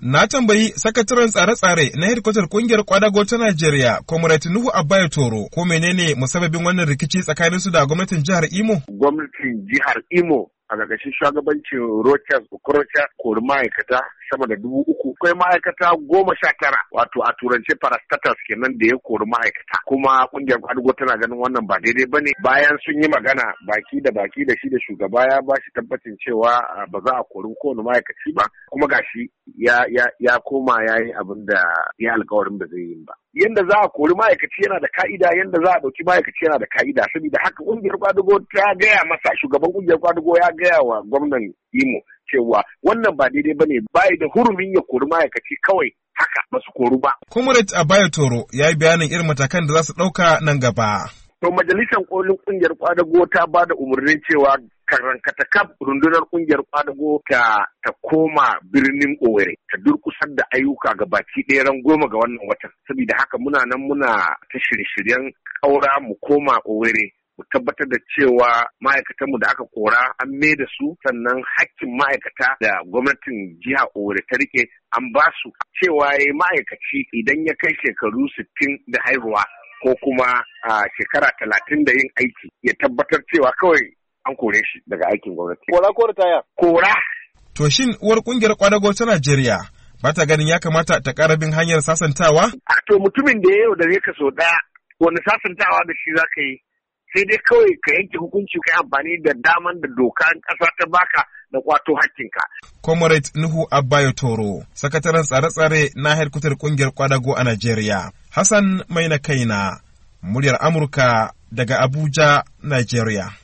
Na tambayi sakataren tsare-tsare na hedkwatar kungiyar kwadago ta Najeriya, Comrade Nuhu Abbaye Toro, ko menene musababin wannan rikici tsakanin su da gwamnatin jihar Imo? Gwamnatin jihar Imo a gagashin shugabancin Rochas Okorocha kori ma'aikata sama da dubu uku. Akwai ma'aikata goma sha tara wato a turance parastatus kenan da ya kori ma'aikata. Kuma ƙungiyar kwadugo tana ganin wannan ba daidai ba ne. Bayan sun yi magana baki da baki da shi da shugaba ya ba shi tabbacin cewa ah, ba za a kori kowane ma'aikaci ba. Kuma gashi ya koma ya yi abin da ya alkawarin da zai yi ba. Yanda za a kori ma'aikaci yana da ka'ida yanda za a ɗauki ma'aikaci yana da ka'ida saboda haka ƙungiyar kwadugo ta gaya masa shugaban ƙungiyar kwadugo ya gaya wa gwamnan Imo cewa wannan ba daidai ba ne ba da hurumin ya kori ma'aikaci kawai haka ba su kori ba. Comrade baya Toro ya yi bayanin irin matakan da za su ɗauka nan gaba. To majalisar kolin ƙungiyar kwadago ta ba da umarnin cewa kaf rundunar kungiyar kwadago ta ta koma birnin Owerri ta durkusar da ayyuka ga baki ɗaya ran goma ga wannan watan saboda haka muna nan muna ta shirye-shiryen ƙaura mu koma Owerri mu tabbatar da cewa ma'aikatanmu da aka kora an mai da su sannan hakkin ma'aikata da gwamnatin jiha Owerri ta rike an ba su cewa ya ma'aikaci idan ya kai shekaru sittin da haihuwa ko kuma a shekara talatin da yin aiki ya tabbatar cewa kawai an kore shi daga aikin gwamnati. Kora ko ritaya? Kora. To shin uwar kungiyar kwadago ta Najeriya ba ta ganin ya kamata ta ƙara bin hanyar sasantawa? A to mutumin da ya yau da ya kaso ɗaya wani sasantawa da shi za ka yi sai dai kawai ka yanke hukunci ka amfani da daman da doka ƙasa ta baka da kwato hakkinka. Comrade Nuhu Abayo Toro, sakataren tsare-tsare na harkutar kungiyar kwadago a Najeriya. Hassan Maina Kaina, muryar Amurka daga Abuja, Najeriya.